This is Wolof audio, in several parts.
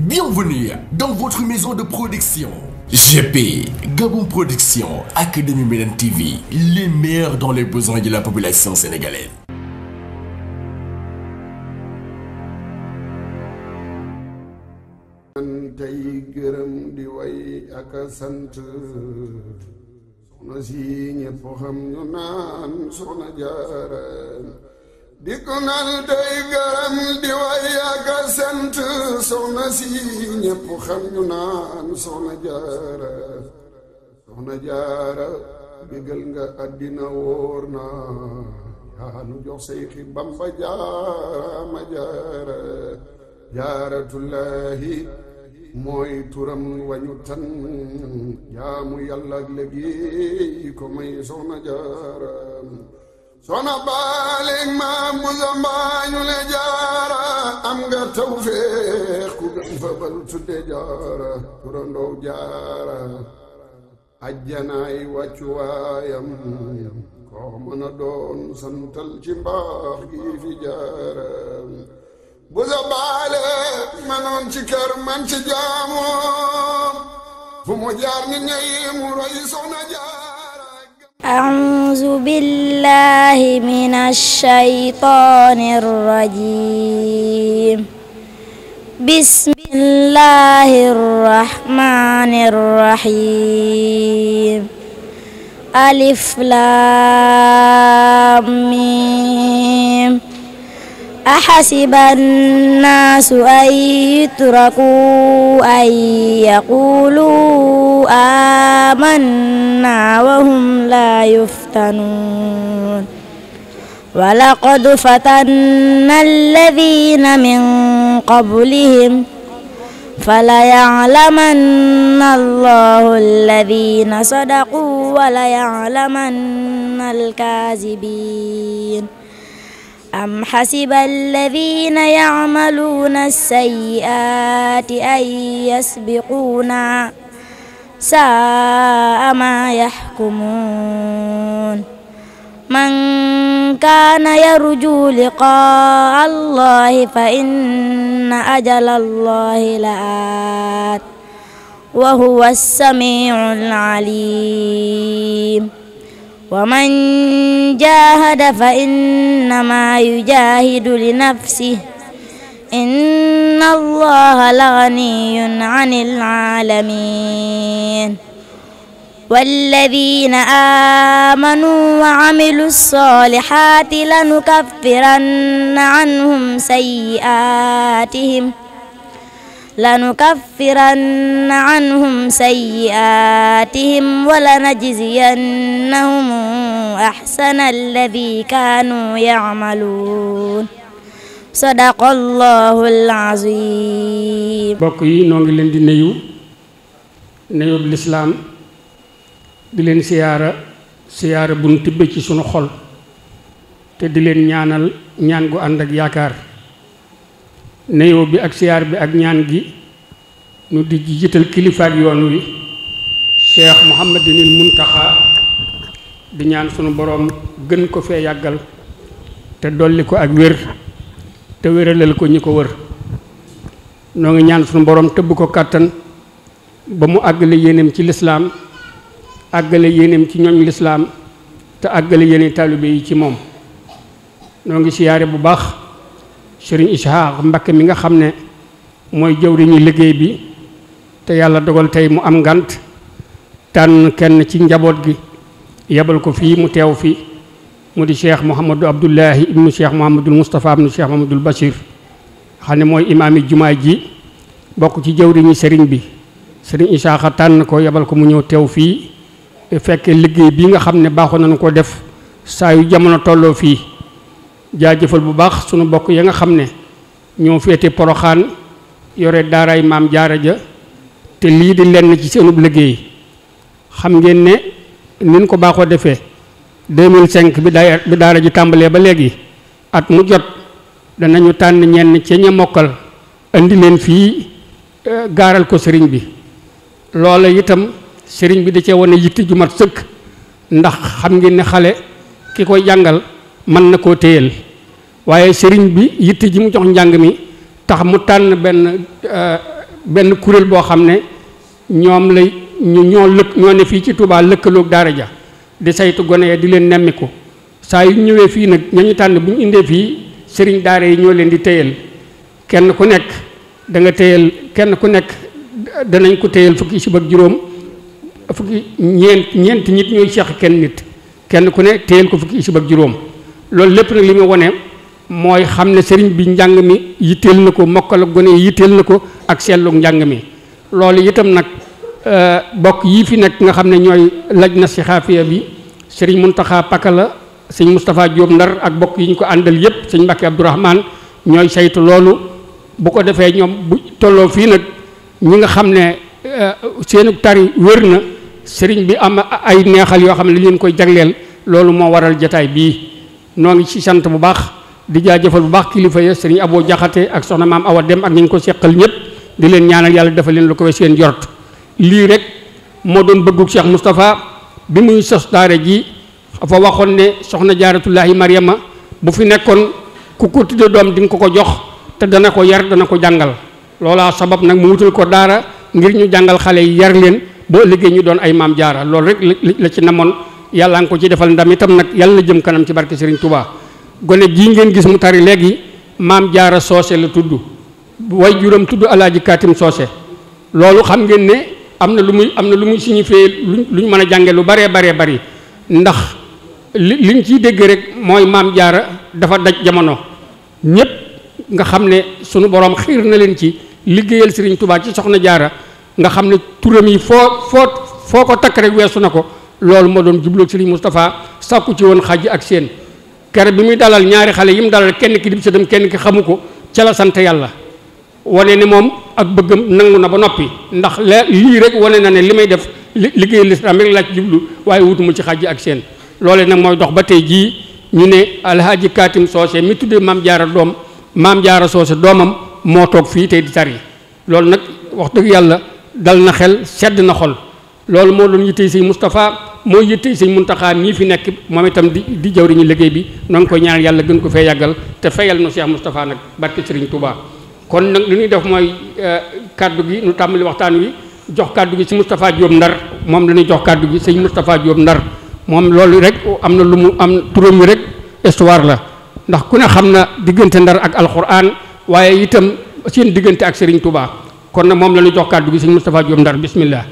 Bienvenue dans votre maison de production. GP, Gabon Production, Académie Médane TV, les meilleurs dans les besoins de la population sénégalaise. di gunal day garam di way ak a si ñépp xam ñu naan soxna jaara soxna jaara bégal nga àddina wóor na yaa nu jox Seyxi Bamba jaarama jaara jaaratullaahi mooy turam wañu tan jaamu yàlla ak ko may soxna jaaram soxna baaleeg maam bu zambaañu le jaara am nga tawfeex ku gën fa bal tudde jaara turandoo jaara ajjanaay wàccuwaayam koo mën a doon santal ci gi fi jaara bu zambaale manoon ci kër ci jaamoom fu mu jaar ni ñayi mu roy soxna jaar أعوذ بالله من الشيطان الرجيم بسم الله الرحمن الرحيم ألف لام ميم أحسب الناس أن يتركوا أن يقولوا آمنا وهم لا يفتنون ولقد فتنا الذين من قبلهم فليعلمن الله الذين صدقوا وليعلمن الكاذبين أم حسب الذين يعملون السيئات أن يسبقونا ساء ما يحكمون من كان يرجو لقاء الله فإن أجل الله لآت وهو السميع العليم ومن جاهد فإنما يجاهد لنفسه إن الله لغني عن العالمين والذين آمنوا وعملوا الصالحات لنكفرن عنهم سيئاتهم لنكفرن عنهم سيئاتهم ولنجزينهم أحسن الذي كانوا يعملون صدق الله العظيم mbokk yi noo ngi leen di nayu nuyub lislaam di leen siyaara siyaara bu nu tibbee ci sunu xol te di leen ñaanal ñaan gu ànd ak yaakaar neyoo bi ak siyaar bi ak ñaan gi ñu di jiital kilifaak yoon wi cheikh mun muntaxa di ñaan sunu boroom gën ko fee yàggal te dolli ko ak wér te wéralal ko ñi ko wër noo ngi ñaan sunu boroom tëbb ko kàttan ba mu àggale yéeneem ci lislaam àggale yéeneem ci ñooñ lislaam te àggale yéene taalibe yi ci moom noo ngi siyaare bu baax sëriñ Ishaq mbakk mi nga xam ne mooy jëwriñu liggéey bi te yàlla dogal tey mu am ngant tànn kenn ci njaboot gi yebal ko fii mu teew fii mu di cheikh Mouhamadou Abdullahi ibnu cheikh Mouhamadul Moustapha ibnu cheikh Mouhamadul Bachir xam ne mooy imaami jumaa ji bokk ci jëwriñu sëriñ bi sëriñ Ishaq tànn ko yebal ko mu ñëw teew fii fekk liggéey bi nga xam ne baaxoon nañu ko def saa yu jamono tolloo fii jaajëfal bu baax sunu bokk ya nga xam ne ñoo féete poroxaan yore daaraay maam jaara ja te lii di lenn ci seenub liggéey xam ngeen ne nin ko baaxoo defee 2005 bi daay bi daara ji tàmbalee ba léegi at mu jot danañu tànn ñenn ca ña mokkal andi leen fii e, gaaral ko sëriñ bi loola itam sëriñ bi da cee wane yitte ju mat sëkk ndax xam ngeen ne xale ki koy jàngal mën na koo téyal waaye sëriñ bi yitte ji mu jox njàng mi tax mu tànn benn euh, benn kuréel boo xam ne ñoom lay ñu ñoo lëkk ñoo ne fii ci Touba lëkkaloog daara ja di saytu gone ya di leen nemmiku saa yu ñëwee fii nag ñañu tànn bu ñu indee fii sëriñ daara yi ñoo leen di téyal kenn ku nekk danga nga kenn ku nekk danañ ko téyal fukki sib ak juróom fukki ñeent ñeent nit ñooy seq kenn nit kenn ku ne téyal ko fukki sib ak juróom loolu lépp nag li muy wone mooy xam ne sëriñ bi njàng mi yitteel na ko mokkal ak gone yitteel na ko ak seetlu njàng mi loolu itam nag euh, bokk yii fi nekk nga xam ne ñooy laj na si bi sëriñ Muntaxa Pakala sëñ Moustapha Diop Ndar ak bokk yi ko àndal yépp sëñ Mbàkke Abdourahman ñooy saytu loolu bu ko defee ñoom tolloo fii nag ñi nga xam ne euh, seenu tari wër na sëriñ bi am ay neexal yoo xam ne li leen koy jagleel loolu moo waral jataay bii noo ngi ci sant bu baax di jaajëfal bu baax kilifa ya sëriñ Aboo jaxatee ak soxna maam Awa Dem ak ñu ko seqal ñëpp di leen ñaanal yàlla dafa leen lu ko we seen jort lii rek moo doon bëggug Cheikh Moustapha bi muy sos daara ji dafa waxoon ne soxna jaaratullahi Mariama bu fi nekkoon ku ko tudde doom di nga ko ko jox te dana ko yar dana ko jàngal loola sabab nag mu wutul ko daara ngir ñu jàngal xale yi yar leen boo liggéey ñu doon ay maam jaara loolu rek la ci namoon yàlla nga ko ci defal ndam itam nag yàlla na jëm kanam ci barke Serigne Touba gone gii ngeen gis mu tari léegi maam jaara soose la tudd way juram tudd alaaji kaatim soose loolu xam ngeen ne am na lu muy am na lu muy signifié lu ñu mën a jànge lu baree baree bari ndax li liñ ciy dégg rek mooy maam jaara dafa daj jamono ñépp nga xam ne sunu borom xiir na leen ci liggéeyal Serigne Touba ci soxna jaara nga xam ne turam yi foo foo foo ko takk rek weesu na ko loolu moo doon jubloog Serigne Moustapha sàkku ci woon xaj ak seen kere bi muy dalal ñaari xale yi mu dalal kenn ki di sëtam kenn ki xamu ko ca sant yàlla wane ni moom ak bëggam nangu na ba noppi ndax la lii rek wane na ne li may def li liggéey lislaam rek laa ci jublu waaye wutuma ci xaj ak seen loole nag mooy dox ba tey jii ñu ne alhaaji Kaatim Soose mi tuddee maam jaara doom maam jaara Soose doomam moo toog fii tey di yi loolu nag wax dëgg yàlla dal na xel sedd na xol loolu moo doon yittey sëñ Moustapha moo yittey sëñ Muntaxa mii fi nekk moom itam di di jawriñu liggéey bi noo ngi koy ñaanal yàlla gën ko fee yàggal te fayal nu Cheikh Moustapha nag barke Sëriñ Touba kon nag li ñuy def mooy euh, kaddu gi nu tàmbali waxtaan wi jox kaddu gi si Moustapha Diop Ndar moom la jox kaddu gi sëñ Moustapha Diop Ndar moom loolu rek am na lu mu am turam wi la ndax ku ne xam na diggante Ndar ak alxuraan waaye itam seen diggante ak Sëriñ Touba kon nag moom la jox kaddu gi sëñ Moustapha Diop Ndar bismillah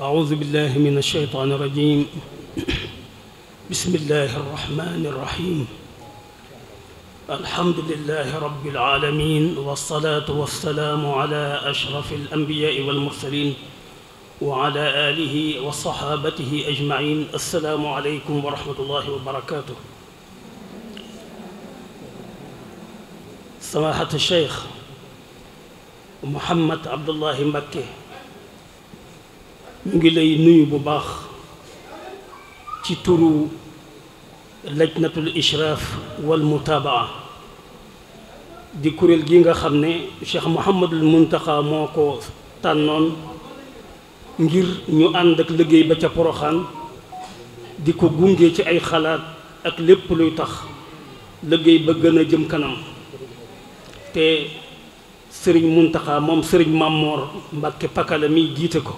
أعوذ بالله من الشيطان الرجيم بسم الله الرحمن الرحيم الحمد لله رب العالمين والصلاة والسلام على أشرف الأنبياء والمرسلين وعلى آله وصحابته أجمعين السلام عليكم ورحمة الله وبركاته سماحة الشيخ محمد عبد الله مكي mu ngi lay nuyu bu baax ci turu lajnatul ishraaf wal mutaabaa di kuréel gi nga xam ne Cheikh Mouhamadul Muntaxa moo ko tànnoon ngir ñu ànd ak liggéey ba ca Poroxaan di ko gunge ci ay xalaat ak lépp luy tax liggéey ba gën a jëm kanam te sëriñ Muntaxa moom sëriñ Màmmoor Mbàkke Pakala mi jiite ko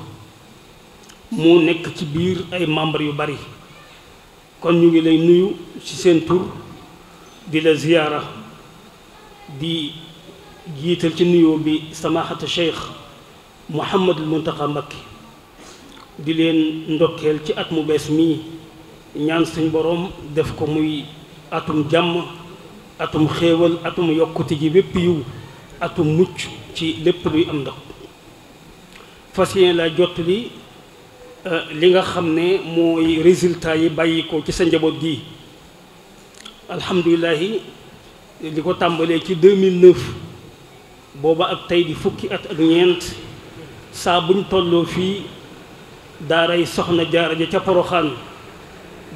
mu nekk ci biir ay membres yu bari kon ñu ngi lay nuyu ci seen tur di la ziyaara di jiital ci nuyoo bi samaahata cheikh Mouhamadul Muntaqa Mbakki di leen ndokkeel ci at mu bees mii ñaan suñ boroom def ko muy atum jàmm atum xéewal atum yokkute ji bépp yiw atum mucc ci lépp luy am ndax fas yéene laa jottali li nga xam ne mooy résultat yi bàyyi ko ci sa njaboot gi alhamdulilahi li ko tàmbalee ci 2009 booba ak tey di fukki at ak ñeent saa buñ tolloo fii daaray soxna jaara ja ca poroxaan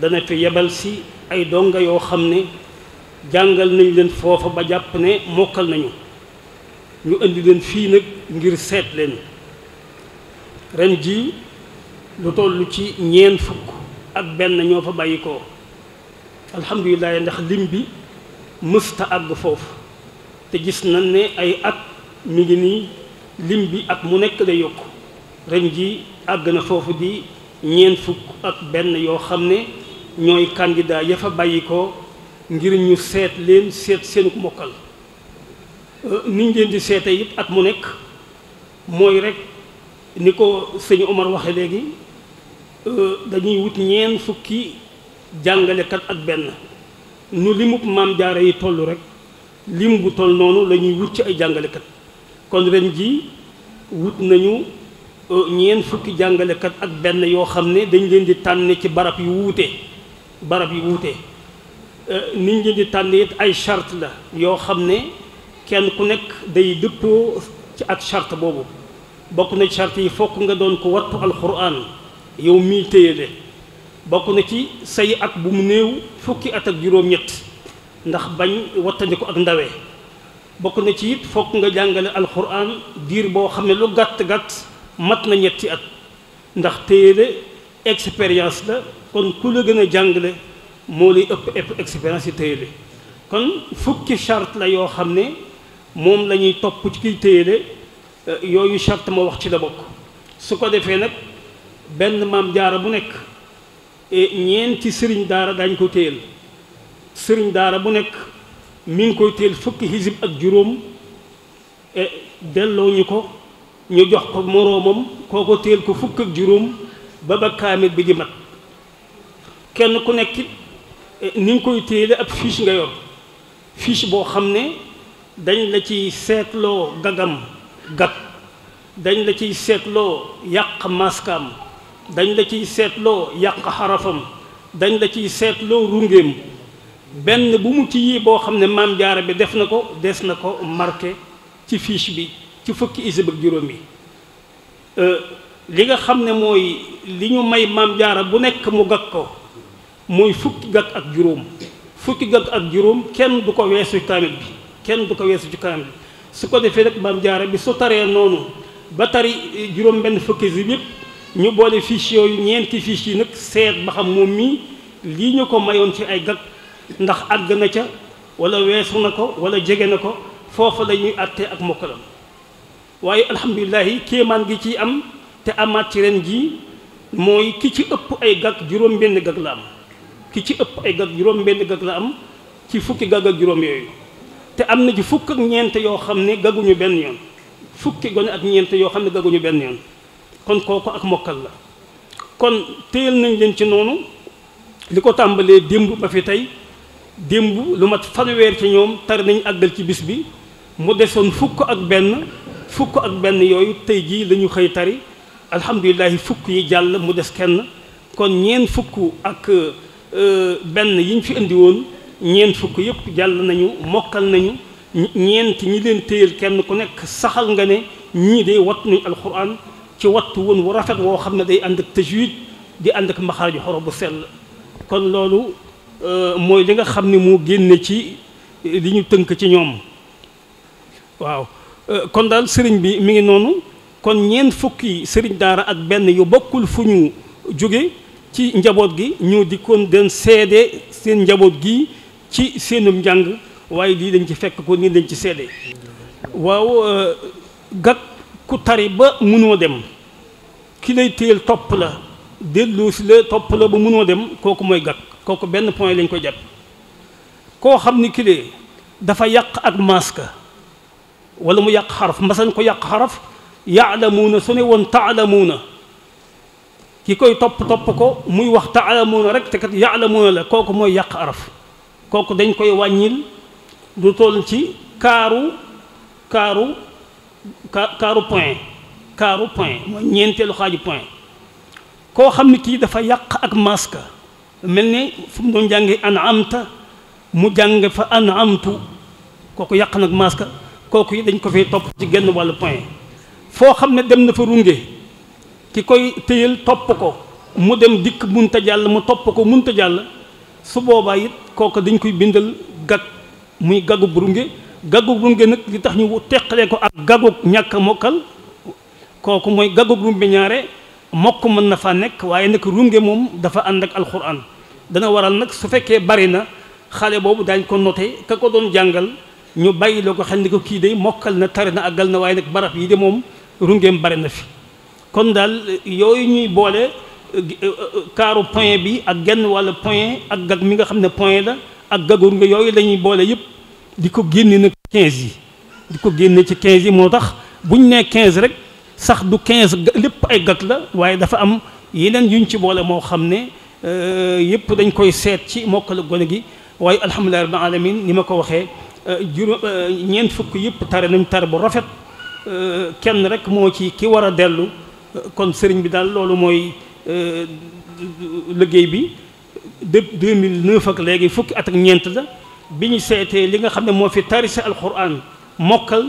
dana fi yebal si ay donga yoo xam ne jàngal nañ leen foofa ba jàpp ne mokkal nañu ñu indi leen fii nag ngir seet leen ren ji lu toll ci ñeent fukk ak benn ñoo fa bàyyi ko alhamdulilah ndax lim bi mësta àgg foofu te gis nañ ne ay at mu ngi nii lim bi ak mu nekk la yokk ren ji àgg na foofu di ñeent fukk ak benn yoo xam ne ñooy candidat ya fa bàyyi ngir ñu seet leen seet seenu mokkal euh, niñ leen di seete yëpp at mu nekk mooy rekk ni ko sëñ Omar waxe léegi Euh, dañuy wut ñeen fukki jàngalekat ak benn nu limub maam jaara yi toll rek lim bu toll noonu la ñuy wut ci ay jàngalekat kon ren ji wut nañu euh, ñeen fukki jàngalekat ak benn yoo xam ne dañ leen di tànne ci barab yu wuute barab yu wuute euh, niñ leen di tànne it ay charte la yoo xam ne kenn ku nekk day dëppoo ci ak charte boobu bokk na charte yi fokk nga doon ko wattu alquran yow mii téye leen bokk na ci say at bu mu néew fukki at ak juróom-ñett ndax bañ wattandiku ak ndawee bokk na ci it fokk nga jàngale alxuraan diir boo xam ne lu gàtt gàtt mat na ñetti at ndax téye expérience la kon ku la gën a jàngale moo lay ëpp expérience yi téye kon fukki chart la yoo xam ne moom la ñuy topp ci kiy téye yooyu charte ma wax ci la bokk su ko defee nag. benn maam jaara bu nekk e ñeenti sëriñ daara dañ ko téel sëriñ daara bu nekk mi ngi koy téel fukk xisib ak juróom e delloo ñu ko ñu jox ko moroomam kooko téyel ko fukk ak juróom ba ba kaamil bi di mat kenn ku nekk e ni koy téyele ab fiche nga yoon fiche boo xam ne dañ la ciy seetloo gagam gag dañ la ciy seetloo yàq maskaam dañ la ciy seetloo yàq xarafam dañ la ciy seetloo rungeem benn bu mu ci yi boo xam ne maam jaara bi def na ko des na ko marqué ci fiche bi ci fukki isib ak juróom yi euh, li nga xam ne mooy li ñu may maam jaara bu nekk mu gag ko mooy fukki gag ak juróom fukki gag ak juróom kenn du ko weesu kaamil bi kenn du ko weesu ci kaamil bi su ko defee rek maam jaara bi su taree noonu ba tari juróom benn fukki isib yëpp ñu boole fiche yooyu ñeenti fiche yi nag seet ba xam moom mii lii ñu ko mayoon ci ay gag ndax àgg na ca wala weesu na ko wala jege na ko foofu la ñuy àtte ak mokkalam waaye alhamdulilahi kéemaan gi ciy am te amaat ci ren jii mooy ki ci ëpp ay gag juróom benn gag la am ki ci ëpp ay gag juróom benn gag la am ci fukki gàgg ak juróom yooyu te am na ci fukk ak ñeent yoo xam ne gaguñu benn yoon fukki gone ak ñeent yoo xam ne gaguñu benn yoon kon kooku ak mokkal la kon téyal nañ leen ci noonu li ko tàmbalee démb ba fi tey démb lu mat fanweer ci ñoom tar nañ àggal ci bis bi mu desoon fukk ak benn fukk ak benn yooyu tey jii lañu xëy tari alhamdulilahi fukk yi jàll mu des kenn kon ñeen fukk ak euh, benn yi ñu fi indi woon ñeen fukk yëpp jàll nañu mokkal nañu ñeent ñi leen téyal kenn ku nekk saxal nga ne ñii de wat nuñ alquran ci wattu woon wu rafet woo xam ne day ànd ak tajwid di ànd ak maxaaraju xorob bu sell kon loolu euh, mooy li nga xam ni moo génne ci euh, li ñu tënk ci ñoom waaw euh, kon daal sëriñ bi mu ngi noonu kon ñeent fukki sëriñ daara ak benn yu bokkul fu ñu jóge ci njaboot gi ñoo di kon den seede seen njaboot gi ci seenum njàng waaye lii dañ ci fekk ko nii dañ ci seede waaw gàkk ku tari ba mënoo dem ki lay téyel topp la dellu si la topp la ba mënoo dem kooku mooy gàkk kooku benn point lañ koy jàpp koo xam ni kilee dafa yàq ak masque wala mu yàq xaraf masan ko yàq xaraf yaalamuuna su ne woon taalamuuna ki koy topp topp ko muy wax taalamuuna rek te kat yaalamuuna la kooku mooy yàq araf kooku dañ koy wàññil du toll ci kaaru kaaru kaaru point kaaru point mooy ñeenteelu xaaju point koo xam ne kii dafa yàq ak maska mel ni fu mu doon jànge an amta mu jàng fa an amtu kooku yàq nag maska kooku yi dañ ko fay topp ci genn wàllu point foo xam ne dem na fa runge ki koy téyal topp ko mu dem dikk munta jàll mu topp ko munta jàll su boobaa yit kooku dañ koy bindal gag muy gagu bu runge gàggug rumbe nag li tax ñu teqalee ko ak gàggug ñàkk mokkal kooku mooy gàggug rumbe ñaare mokk mën na faa nekk waaye nag rumbe moom dafa ànd ak alxuraan dana waral nag su fekkee bari na xale boobu daañ ko note ka ko doon jàngal ñu bàyyi la ko xel ni ko kii day mokkal na tari na àggal na waaye nag barab yi de moom rungeem bari na fi kon daal yooyu ñuy boole euh, euh, kaaru point bi ak genn wàll point ak gag mi nga xam ne point la ak gagu runge yooyu la boole yëpp di ko génne nag 15 yi di ko génne ci 15 yi moo tax buñ nee quinze rek sax du quinze lépp ay gat la waaye dafa am yeneen yuñ ci boole moo xam ne euh, yëpp dañ koy seet ci mokkal gone gi waaye alhamdulilah rabbil alamin ni ma ko waxee euh, juróom euh, ñeent fukk yëpp tare nañ tare bu rafet kenn rek moo ci ki war a dellu kon sëriñ bi daal loolu mooy liggéey bi depuis 2009 ak léegi fukki at ak ñeent la bi ñu seetee li nga xam ne moo fi tarisi alquran mokkal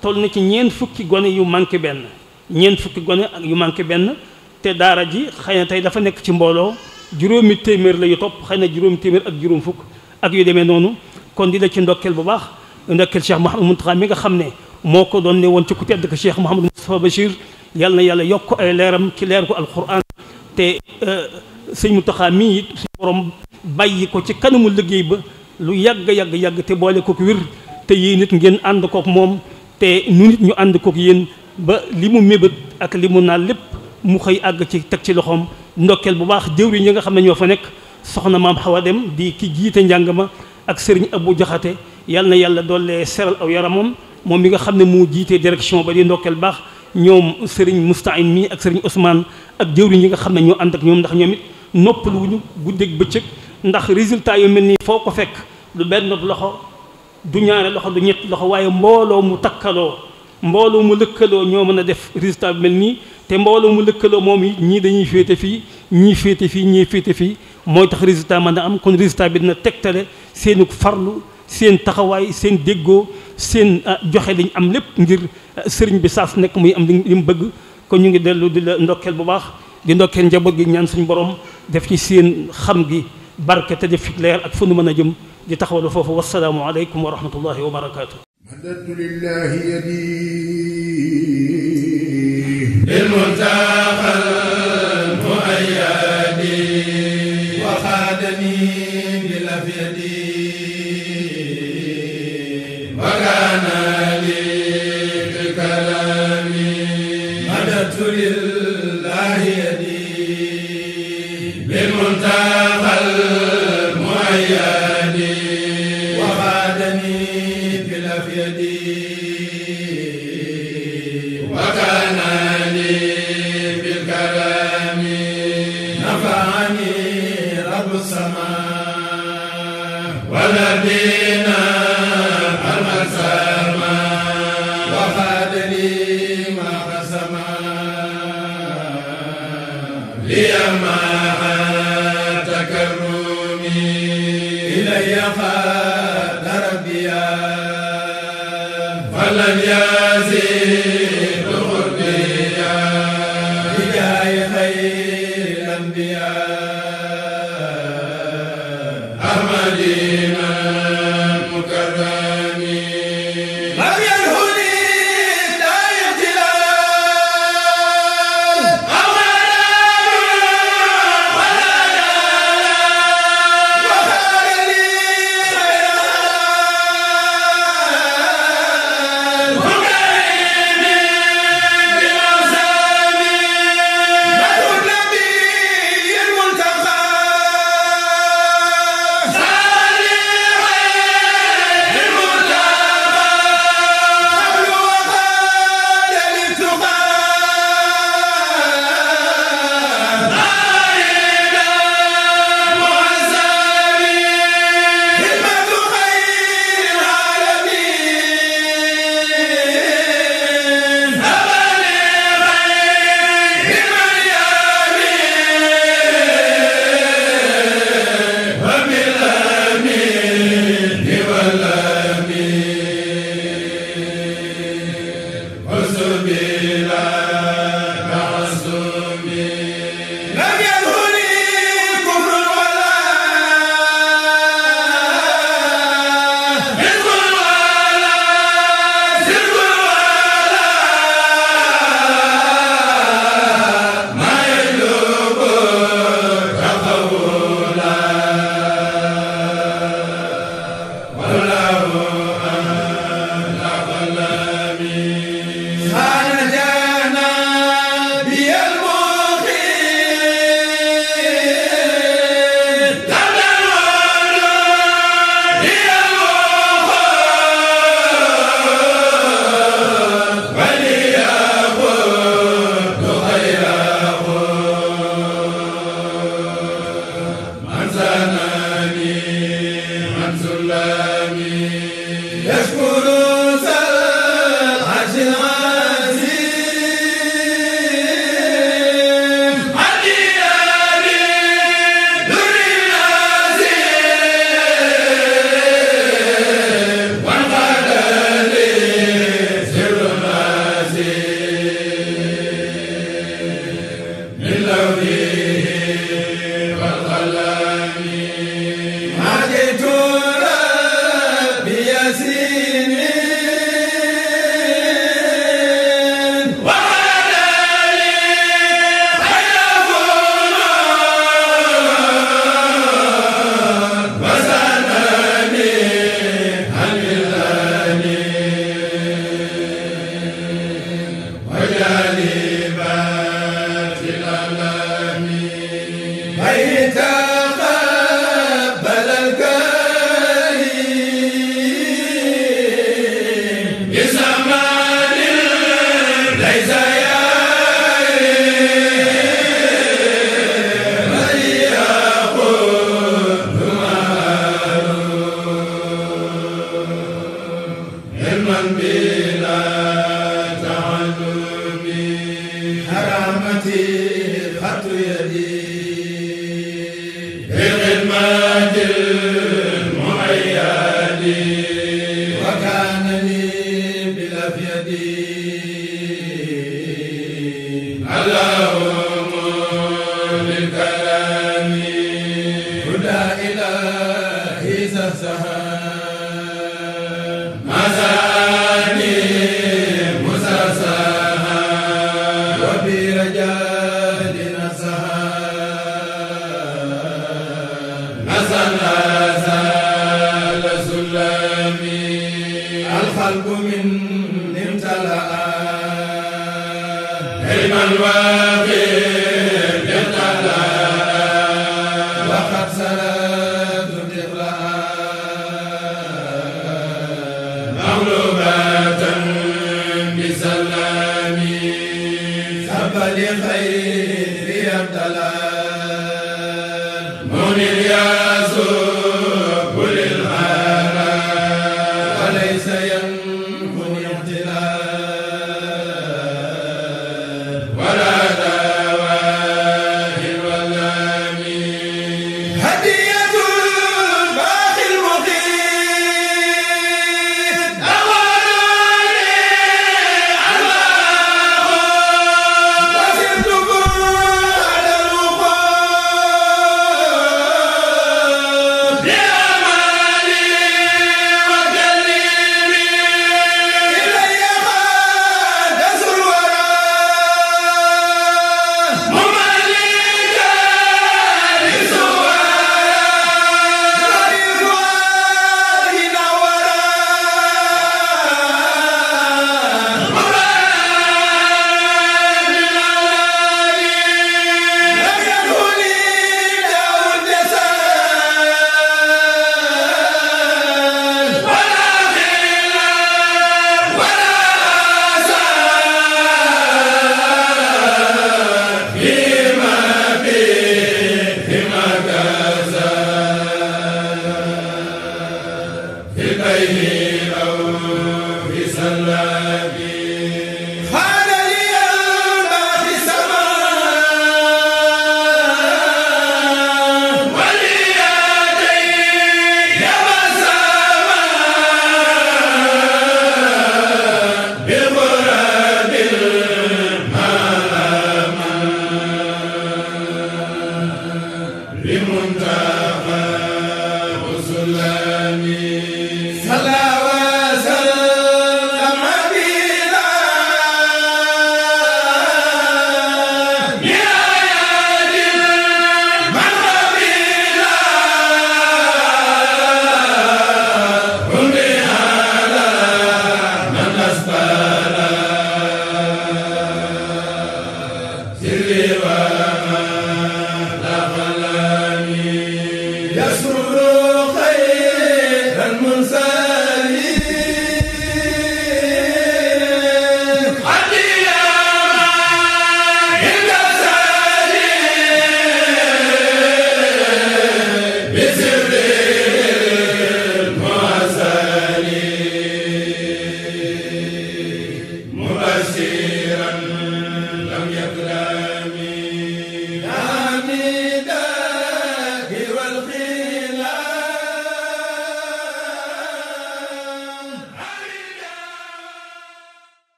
toll na ci ñeent fukki gone yu manqué benn ñeent fukki gone ak yu manqué benn te daara ji xëy na tey dafa nekk ci mbooloo juróomi téeméer la yu topp xëy na juróomi téeméer ak juróom fukk ak yu demee noonu kon dina ci ndokkeel bu baax ndokkeel Cheikh Mouhamadou Mountakha mi nga xam ne moo ko doon ne woon ci ku tedd ko Cheikh Mouhamadou Moustapha Bachir yàlla na yàlla yokk ay leeram ci leer ko alquran te euh, sëñ Mountakha mii it bàyyi ko ci kanamu liggéey ba lu yàgg yàgg yàgg te boole kook wér te yéen nit ngeen ànd kook moom te nu nit ñu ànd kook yéen ba li mu mébét ak li mu naan lépp mu xëy àgg ci teg ci loxoom ndokkeel bu baax jëwriñ yi nga xam ne ñoo fa nekk soxna maam xaw a dem di ki jiite njàng ma ak sëriñ Abou Jaxate yàlla na yàlla doole seral aw yaramam moom mi nga xam ne mu jiite direction ba di ndokkeel baax ñoom sëriñ Moustahine mi ak sëriñ Ousmane ak jëwriñ yi nga xam ne ñoo ànd ak ñoom ndax ñoom it noppaluwuñu guddeeg bëccëg ndax résultat yu mel nii foo ko fekk du benn loxo du ñaari loxo du ñett loxo waaye mbooloo mu takkaloo mbooloo mu lëkkaloo ñoo mën a def résultat bi mel nii te mbooloo mu lëkkaloo moom it ñii dañuy féete fii ñii féete fii ñii féete fii mooy tax résultat man a am kon résultat bi dina tegtale seenu farlu seen taxawaay seen déggoo seen ah, joxe liñ am lépp ngir ah, sëriñ bi saas nekk muy am li mu bëgg kon ñu ngi dellu di la ndokkeel bu baax di ndokkeel njaboot gi ñaan suñu borom def ci seen xam gi barke te def fi leer ak nu mën a jëm di taxawal foofu wasalaamu aleykum wa rahmatullahi wa barakaatu. madadtu lillahi yadi ليما تكر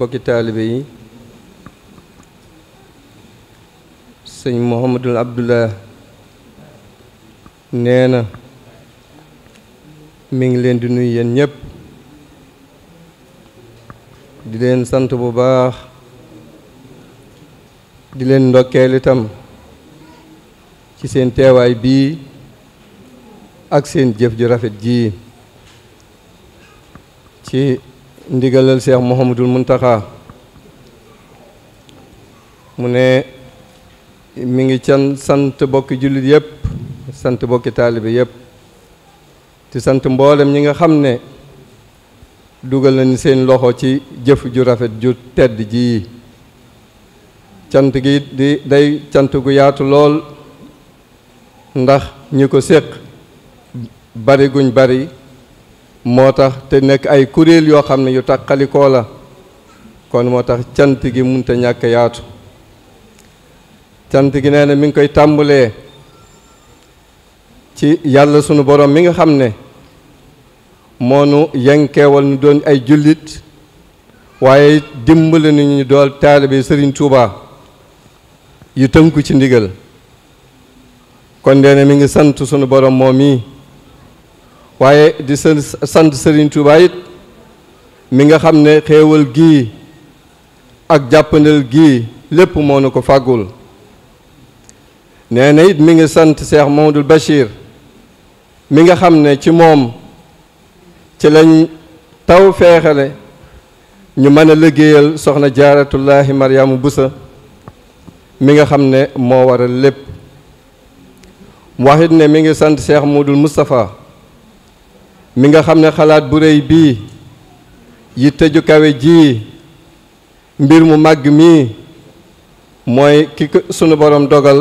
bokki taalibe yi sëñ Mouhamadul Abdullah nee na mi ngi leen di nuy yéen ñëpp di leen sant bu baax di leen ndokkeel itam ci seen teewaay bii ak seen jëf ju rafet jii ci ndigalal Cheikh Mouhamadul Muntaxa mu ne mi ngi can sant bokki jullit yépp sant bokki taalibe yëpp te sant mboolem ñi nga xam ne dugal nañ seen loxo ci jëf ju rafet ju tedd ji cant gi di day cant gu yaatu lool ndax ñi ko séq bari guñ bari moo tax te nekk ay kuréel yoo xam ne yu taqalikoo la kon moo tax cant gi munta ñàkk yaatu cant gi nee na mi ngi koy tàmbalee ci yàlla sunu borom mi nga xam ne moo nu yenkeewal nu doon ay jullit waaye dimbali nu ñu dool taalibe Sëriñ Tuuba yu tënku ci ndigal kon nee na mi ngi sant sunu borom moom mii waaye di seen sant Serigne Touba mi nga xam ne xéewal gii ak jàppandal gii lépp moo nu ko fàggul nee na mi ngi sant Cheikh Mamadou bashir mi nga xam ne ci moom ci lañ taw feexale ñu mën a liggéeyal soxna jaaratullahi maryaama busa mi nga xam ne moo waral lépp waxit ne mi ngi sant Cheikh Modou Moustapha mi nga xam ne xalaat bu réy bii yi tëju kawe ji mbir mu màgg mii mooy ki sunu borom dogal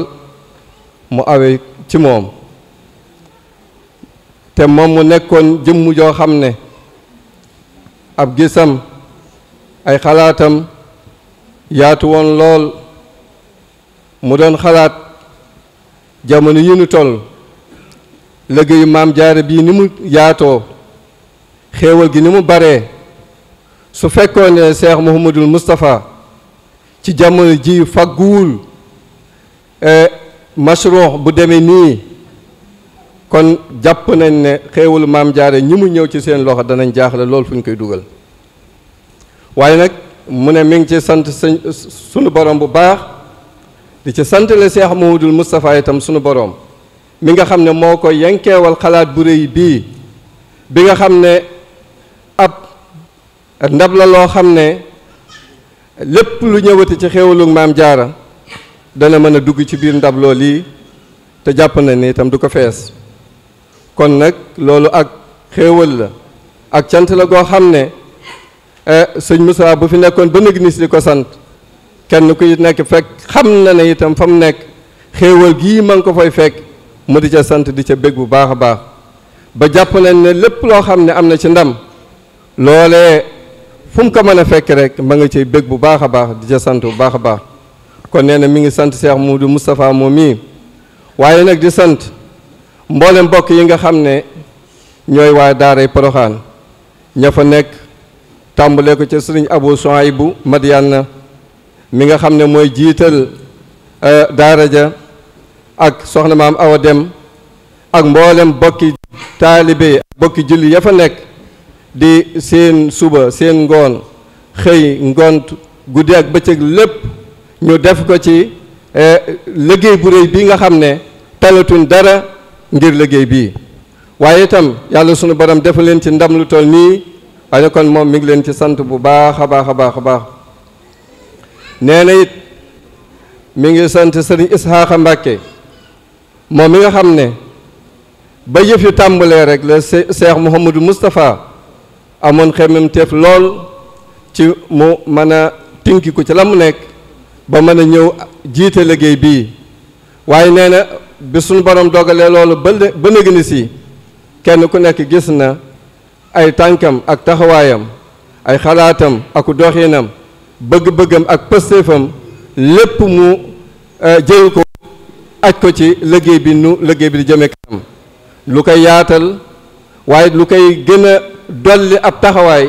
mu awe ci moom te moom mu nekkoon jëmm joo xam ne ab gisam ay xalaatam yaatu woon lool mu doon xalaat jamono yi nu toll liggéeyu maam jaare bii ni mu yaatoo xewal gi ni mu baree su fekkoon seex Cheikh Mouhamadul Moustapha ci jamono ji fagguwul e, mashroox bu demee nii kon jàpp nañ ne xéewalu maam jaare ñi mu ñëw ci seen loxo danañ jaaxle lool fu ñu koy dugal waaye nag mu ne mi ngi ci sant suñu borom bu baax di ci sant le Cheikh Mouhamadul Moustapha itam sunu borom. mi nga xam ne moo ko yankeewal xalaat bu rëy bii bi nga xam ne ab ndab la loo xam ne lépp lu ñëwati ci xéewalug maam jaara dana mën a dugg ci biir ndab lool yi te jàpp na ni itam du ko fees kon nag loolu ak xewal la ak cant la goo xam ne eh, sëñ Moussa bu fi nekkoon ba nëg nis di ko sant kenn ku nekk fekk xam na ne itam fa mu nekk xewal gii ma ngi ko fay fekk mu di ca sant di ca bég bu baax a baax ba jàpp nañ ne lépp loo xam ne am na ci ndam loolee fu mu ko mën a fekk rek ma nga cay bég bu baax a baax di ca sant bu baax a baax kon nee na mi ngi sant Cheikh di Moustapha moom mii waaye nag di sant mboole mbokk yi nga xam ne ñooy waa daaray Poroxaan ña fa nekk tàmbalee ko ca sëriñ Abou Souaïbou Madiana mi nga xam ne mooy jiital euh, daara ja ak soxna aw Awa Dem ak mboolem bokki taalibe ak bokki julli ya fa nekk di seen suba seen ngoon xëy ngont guddi ak bëccëg lépp ñu def ko ci eh, liggéey bu réy bi nga xam ne talatuñ dara ngir liggéey bi waaye itam yàlla sunu borom defal leen ci ndam lu toll nii waaye kon moom mi ngi leen ci sant bu baax a baax a baax a baax nee na it mu ngi sant sëriñ Isxaaxa Mbàkke moom mi nga xam ne ba yëf tàmbalee rek la Cheikh Mouhamadou Moustapha amoon xemem lool ci mu mën a tinki ko ci la mu nekk ba mën a ñëw jiite liggéey bii waaye nee na bi suñu borom dogalee loolu ba ba nëgëni si kenn ku nekk gis na ay tànkam ak taxawaayam ay xalaatam ak doxinam bëgg-bëggam ak pëstéefam lépp mu eh, jël ko aj ko ci liggéey bi nu liggéey bi di jëme kanam lu koy yaatal waaye lu koy gën a dolli ab taxawaay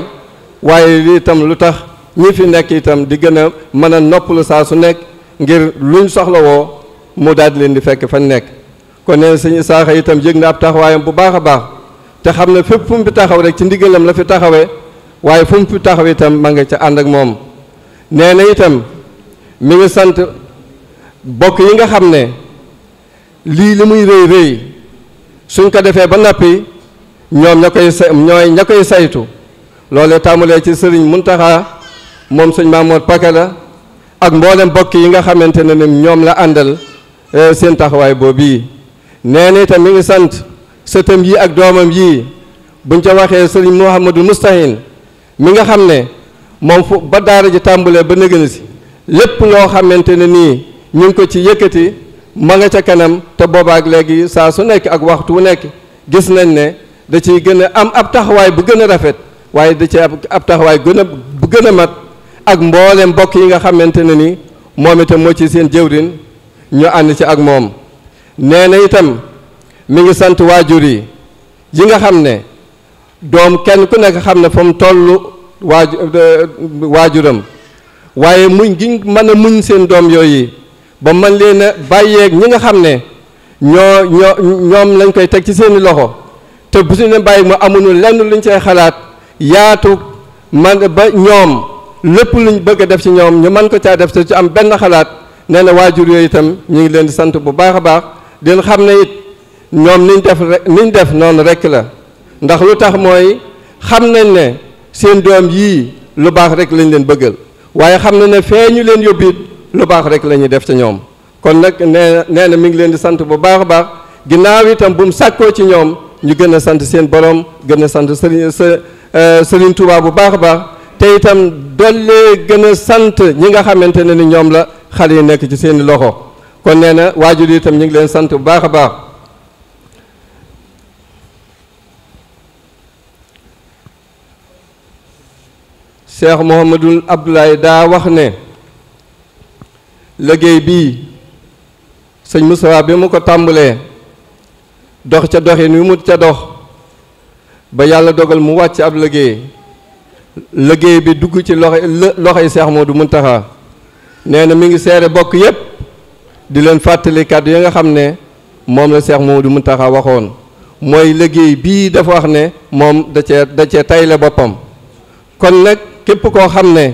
waaye itam lu tax ñi fi nekk itam di gën a mën a noppalu saa su nekk ngir luñ soxlawoo mu daal di leen di fekk fan nekk kon nee na sëñ Isaaxa itam yëg na ab taxawaayam bu baax a baax te xam ne fépp fu fi taxaw rek ci ndigalam la fi taxawee waaye fu mu fi taxaw itam ma nga ca ànd ak moom nee itam mi ngi sant bokk yi nga xam ne lii li muy rëy rëy suñ ko defee ba noppi ñoom ña koy sa ñooy ña koy saytu loolu tàmbalee ci sëriñ Muntaxa moom sëñ Maamoor Paka la ak mboolem mbokk yi nga xamante ne ñoom la àndal eh, seen taxawaay boobu yi nee na itam mi ngi sant sëtam yi ak doomam yii buñ ca waxee sëriñ Mouhamadou Moustahine mi nga xam ne moom fu ba daara ji tàmbalee ba nëgëni si lépp loo xamante ne nii ñu ngi ko ci yëkkati ma nga ca kanam te boobaak léegi saa su nekk ak waxtu wu nekk gis nañ ne da ciy gën a am ab taxawaay bu gën a rafet waaye da ci ab taxawaay gën a bu gën a mat ak mboolem mbokk yi nga xamante ne ni moom itam moo ci seen jëwrin ñu ànd ci ak moom nee na itam mi ngi sant waajur yi yi nga xam ne doom kenn ku nekk xam ne fa mu toll waajuram waaye mu gi mën a muñ seen doom yooyu ba man leen a bàyyeeg ñi nga xam ne ñoo ñoo ñoom lañ koy teg ci seeni loxo te bu suñu leen bàyyi mu amuñu lenn luñ cee xalaat yaatu man ba ñoom lépp luñ bëgg a def ci ñoom ñu man ko caa def te ci am benn xalaat nee na waajur yooyu itam ñu ngi leen di sant bu baax a baax di xam ne it ñoom niñ def niñ def noonu rek la ndax lu tax mooy xam nañ ne seen doom yii lu baax rek lañ leen bëggal waaye xam nañ ne fee ñu leen yóbbit lu baax rek lañuy def ci ñoom kon nag nee nee na mi ngi leen di sant bu baax a baax ginnaaw itam bu mu sàkkoo ci ñoom ñu gën a sant seen boroom gën a sant sëriñ sëriñ euh, Tuubaa bu baax a baax te itam dollee gën a sant ñi nga xamante ne ni ñoom la xale yi nekk ci seeni loxo kon nee na waajur yi itam ñu ngi leen sant bu baax a baax Cheikh Mouhamadul Abdoulaye daa wax ne liggéey bii sëñ Moustapha bi mu ko tàmbalee dox ca doxin wi mu ca dox ba yàlla dogal mu wàcc ab liggéey liggéey bi dugg ci loxo loxoy Seex Moodu Muntaxa nee na mu ngi seere bokk yépp di leen fàttali kàddu yi nga xam ne moom la Seex Moodu Muntaxa waxoon mooy liggéey bii dafa wax ne moom da cee da cee tayle boppam kon nag képp koo xam ne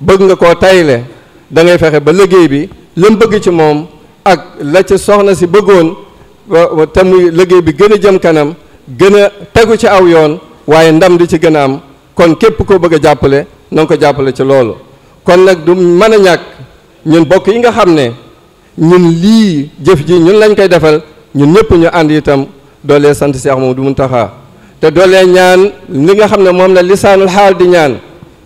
bëgg nga koo tayle da ngay fexe ba liggéey bi lam bëgg ci moom ak la ca soxna si bëggoon te muy liggéey bi gën a jëm kanam gën a tegu ci aw yoon waaye ndam di ci gën a am kon képp koo bëgg a jàppale na ko jàppale ci loolu kon nag du mën a ñàkk ñun bokk yi nga xam ne ñun lii jëf ji ñun lañ koy defal ñun ñëpp ñu ànd itam doolee sant Seex Mamadu Muntaxa te doolee ñaan li nga xam ne moom la lisaanul xaal di ñaan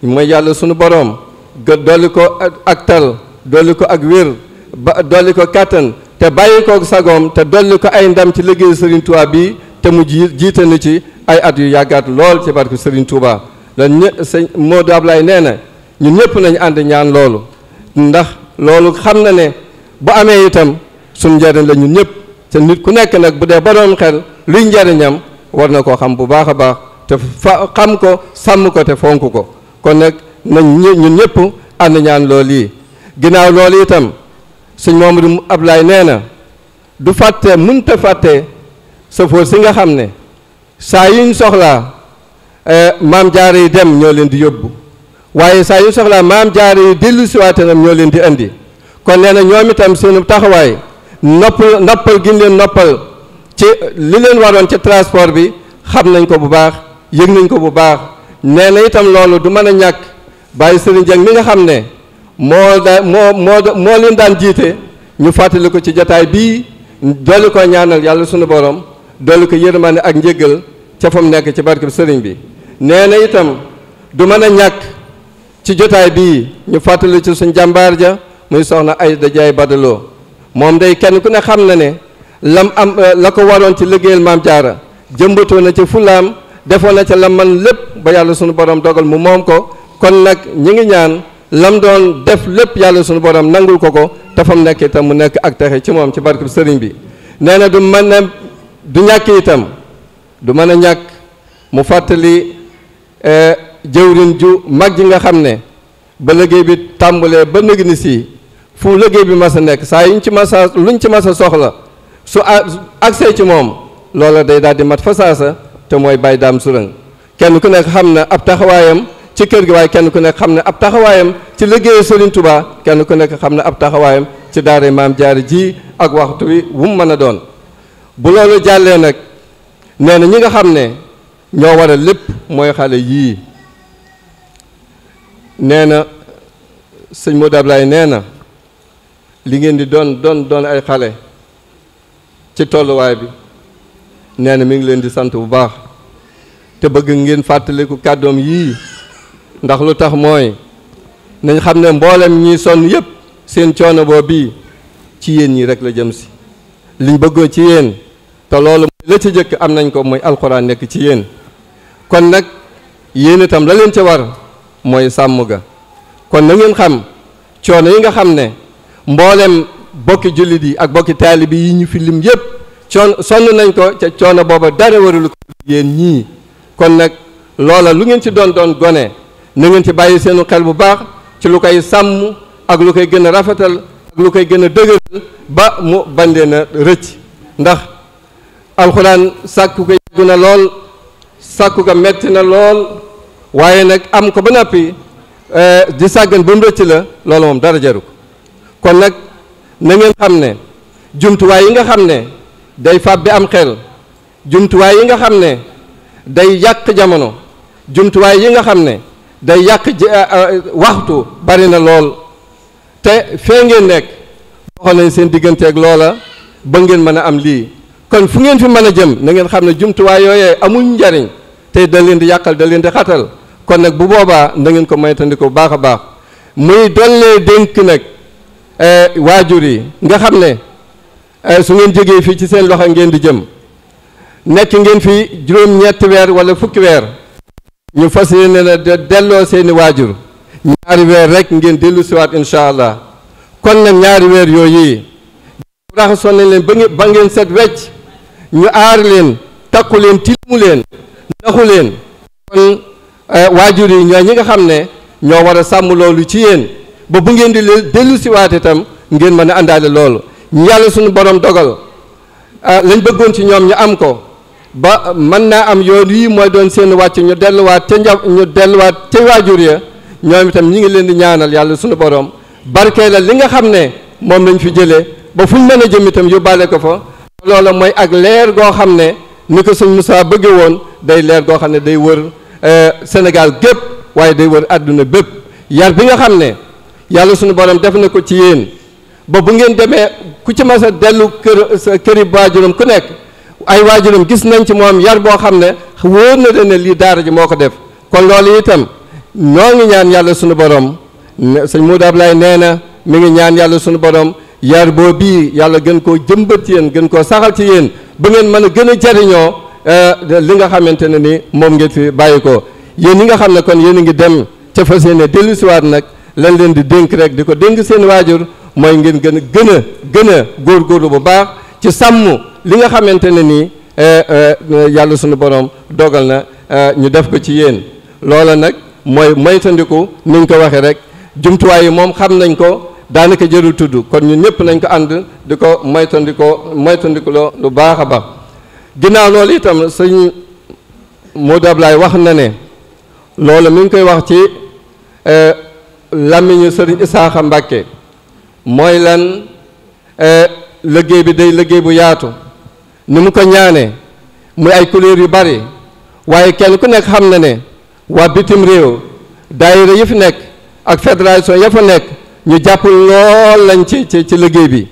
mooy yàlla sunu boroom dolli ko ak tal dolli ko ak wér ba dolli ko kàttan te bàyyi ko sagoom te dolli ko ay ndam ci liggéeyu Serigne Touba bi te mu jiite ni ci ay at yu yàggaat lool ci barke Serigne Touba la ñë moo Modou Ablaye nee na ñun ñëpp nañu ànd ñaan loolu ndax loolu xam na ne bu amee itam suñ njariñ la ñun ñëpp te nit ku nekk nag bu dee borom xel luy njariñam war na koo xam bu baax a baax te fa xam ko sàmm ko te fonk ko kon nag. nañ ñun ñëpp ànd ñaan loolu yi ginnaaw loolu itam sëñ Mamadou Ablaye nee na du fàtte munta fàtte sëfoor si nga xam ne saa yuñ soxlaa eh, maam jaare yi dem ñoo leen di yóbbu waaye saa yuñ soxlaa maam jaare yi dellu siwaatanam ñoo leen di indi kon nee na ñoom itam seen taxawaay noppal noppal gi leen noppal ci li leen waroon ci transport bi xam nañ ko bu baax yëg nañ ko bu baax nee na itam loolu du mën a ñàkk bàyyi Serigne Dieng mi nga xam ne moo da moo moo moo leen daan jiite ñu fàttali ko ci jataay bii dolli ko ñaanal yàlla sunu borom dolli ko yërmande ak njégal ca fa mu nekk ci barkeb sëriñ bi nee na itam du mën a ñàkk ci jotaay bii ñu fàttali ci suñ jàmbaar ja muy soxna ay Diaye Badaloo moom dey kenn ku ne xam na ne lam am euh, la ko waroon ci liggéeyal maam jaara jëmbatoo na ci fulaam defoon na ca la man lépp ba yàlla sunu borom dogal mu moom kon nag ñi ngi ñaan lam doon def lépp yàlla suñu borom nangul ko ko te mu nekk itam mu nekk ak texe ci moom ci barke sëriñ bi nee na du mën a du ñàkk itam du mën a ñàkk mu fàttali e, jëwrin ju mag ji nga xam ne ba liggéey bi tàmbalee ba nëg ni sii fu bi mas a nekk saa yuñ ci mas a ci mas a soxla su agsee ci moom loola day daal di mat fa saasa te mooy bàyyi daam surang kenn ku nekk xam na ab taxawaayam ci kër gi waaye kenn ku nekk xam ne ab taxawaayam ci liggéeyu Serigne Touba kenn ku nekk xam ne ab taxawaayam ci daara maam jaari ji ak waxtu wi wu mën a doon bu loolu jàllee nag nee ñi nga xam ne ñoo war lépp mooy xale yii nee na sëñ Modou Ablaye nee na li ngeen di doon doon doon ay xale ci tolluwaay bi nee na mi ngi leen di sant bu baax te bëgg ngeen fàttaliku kàddoom yii ndax lu tax mooy nañ xam ne mboolem ñi sonn yépp seen coono boo bii ci yéen ñi rek la jëm si liñ bëggoon ci yéen te loolu la ca jëkk am nañ ko mooy alxuraan nekk ci yéen kon nag yéen itam la leen ca war mooy sàmm ga kon na ngeen xam coono yi nga xam ne mboolem bokki jullit yi ak bokki taalibi yi ñu fi lim yépp coon sonn nañ ko ca coono booba dara warul ko yéen ñii kon nag loola lu ngeen ci doon doon gone na ngeen ci bàyyi seenu xel bu baax ci lu koy sàmm ak lu koy gën a rafetal ak lu koy gën a dëgëral ba mu bandee na rëcc ndax alxuraan sàkku ko yàgg na lool sàkku ko metti na lool waaye nag am ko ba noppi e, di sàggan ba mu rëcc la loolu moom dara jaru ko kon nag na xam ne jumtuwaay yi nga xam ne day fàbbi am xel jumtuwaay yi nga xam ne day yàq jamono jumtuwaay yi nga xam ne day yàq eh, eh, waxtu bari na lool te fee ngeen nekk doxal nañ seen digganteeg loola ba ngeen mën a am lii kon fu ngeen fi mën a jëm na xam ne jumtuwaay yooyee amul njariñ te da leen di yàqal da leen di xatal kon nag bu boobaa na ngeen ko moytandiku bu baax a baax muy dollee dénk nag eh, waajur yi nga xam ne su ngeen jógee fii ci seen loxo ngeen di jëm nekk ngeen fi juróom-ñetti weer wala fukki weer ñu fas yéene la delloo seeni waajur ñaari weer rek ngeen dellu siwaat incha allah kon nag ñaari weer yooyu raxasoo nañ leen ba ngeen ba ngeen set wecc ñu aar leen takku leen tilimu leen naxu leen kon eh, waajur yi ñooy ñi nga xam ne ñoo war a sàmm loolu ci yéen ba bu ngeen di dellu siwaat itam ngeen mën a àndaale loolu ñu yàlla suñu borom dogal eh, lañ bëggoon ci ñoom ñu am ko ba mën naa am yoon wii mooy doon seen wàcc ñu delluwaat ca nja ñu delluwaat ca waajur ya ñoom itam ñi ngi leen di ñaanal yàlla suñu borom barkee la li nga xam ne moom lañ fi jëlee ba fu ñu mën a jëm itam yóbbaale ko fa loola mooy ak leer goo xam ne ni ko suñ Moussa bëggee woon day leer goo xam ne day wër euh, Sénégal gépp waaye day wër àdduna bépp yar bi nga xam ne yàlla suñu borom def na ko ci yéen ba bu ngeen demee ku ci mas a dellu kër sa këri baajuram ku nekk ay waajuram gis nañ ci moom yar boo xam ne wóor na leen lii daara ji moo ko def kon loolu itam ñoo ngi ñaan yàlla suñu borom sëñ Modou Ablaye nee na mi ngi ñaan yàlla suñu borom yar boo bii yàlla gën koo jëmbat ci yéen gën koo saxal ci yéen ba ngeen mën a gën a jariñoo eh, li nga xamante ne ni moom ngeen fi bàyyi ko yéen ñi nga xam ne kon yéen a ngi dem ca fas yéene dellusiwaat nag lañ leen di dénk rek di ko dénk seen waajur mooy ngeen gën a gën a gën a góorgóorlu bu baax ci sàmm li nga xamante ne nii eh, eh, yàlla sunu borom dogal na eh, ñu def ko ci yéen loola nag mooy moytandiku ni ñu ko waxee rek jumtuwaay yi moom xam nañ ko daanaka jërul tudd kon ñu ñëpp nañ ko ànd di ko moytandikoo moytandiku loo lu baax a baax ginnaaw loolu itam sëñ Modou Ablaye wax na ne loolu mi koy wax ci làmmiñu sëriñ Isaaxa Mbàkke mooy lan liggéey bi day liggéey bu yaatu ni mu ko ñaanee muy ay couleur yu bari waaye kenn ku nekk xam na ne waa bitim réew daayira yi fi nekk ak fédération ya fa nekk ñu jàpp lool lañ ci ci liggéey bi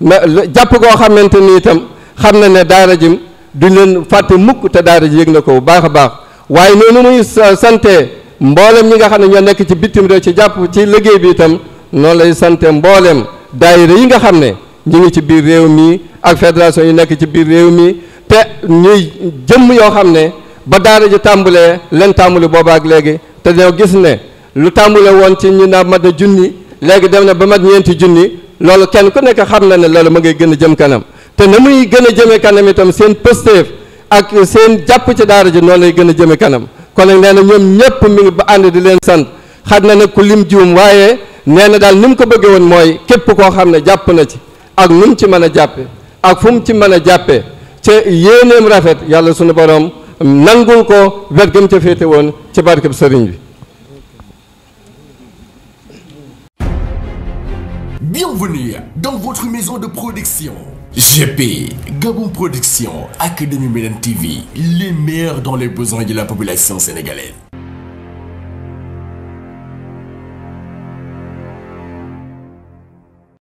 mais jàpp koo xamante ni itam xam na ne daara ji duñ leen fàtte mukk te daara ji yëg na ko bu baax a baax waaye noonu muy sante mboolem ñi nga xam ne ñoo nekk ci bitim réew ci jàpp ci liggéey bi itam noonu lay sante mbooleem daayira yi nga xam ne ñu ngi ci biir réew mii ak fédération yi nekk ci biir réew mi te ñuy jëmm yoo xam ne ba daara ji tàmbalee leen tàmbali boobaak léegi te dañoo gis ne lu tàmbale woon ci ñu na mat na junni léegi dem na ba mat ñeenti junni loolu kenn ku nekk xam na ne loolu ma ngay gën a jëm kanam te na muy gën a jëmee kanam itam seen pësteef ak seen jàpp ci daara ji noonu lay gën a jëmee kanam kon nag nee na ñoom ñëpp mi ngi ba ànd di leen sant xat na ne ku lim juum waaye nee na daal ni ko bëggee woon mooy képp koo xam ne jàpp na ci ak nu ci mën a jàppe ak fu ci mën a jàppe ca yéeneem rafet yàlla sunu borom nangul ko wet gëm féete woon ci barkeb sëriñ bi Bienvenue dans votre maison de production GP Gabon Production Académie Médine TV les meilleurs dans les besoins de la population sénégalaise